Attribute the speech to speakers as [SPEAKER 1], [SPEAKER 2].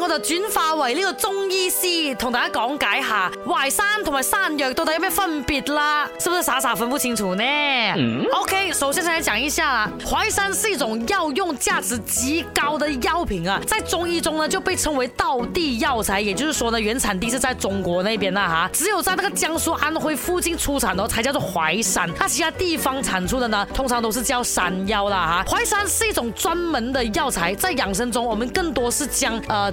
[SPEAKER 1] 我就轉化為呢個中醫師同大家講解下淮山同埋山藥到底有咩分別啦，是不是傻傻分不清楚呢？嗯。OK，首先先來講一下啊，淮山是一種藥用價值極高的藥品啊，在中醫中呢就被稱為道地藥材，也就是說呢原產地是在中國那邊啦哈，只有在那個江蘇安徽附近出產的，才叫做淮山，那其他地方產出的呢，通常都是叫山藥啦哈、啊。淮山是一種專門的藥材，在養生中我們更多是將，呃。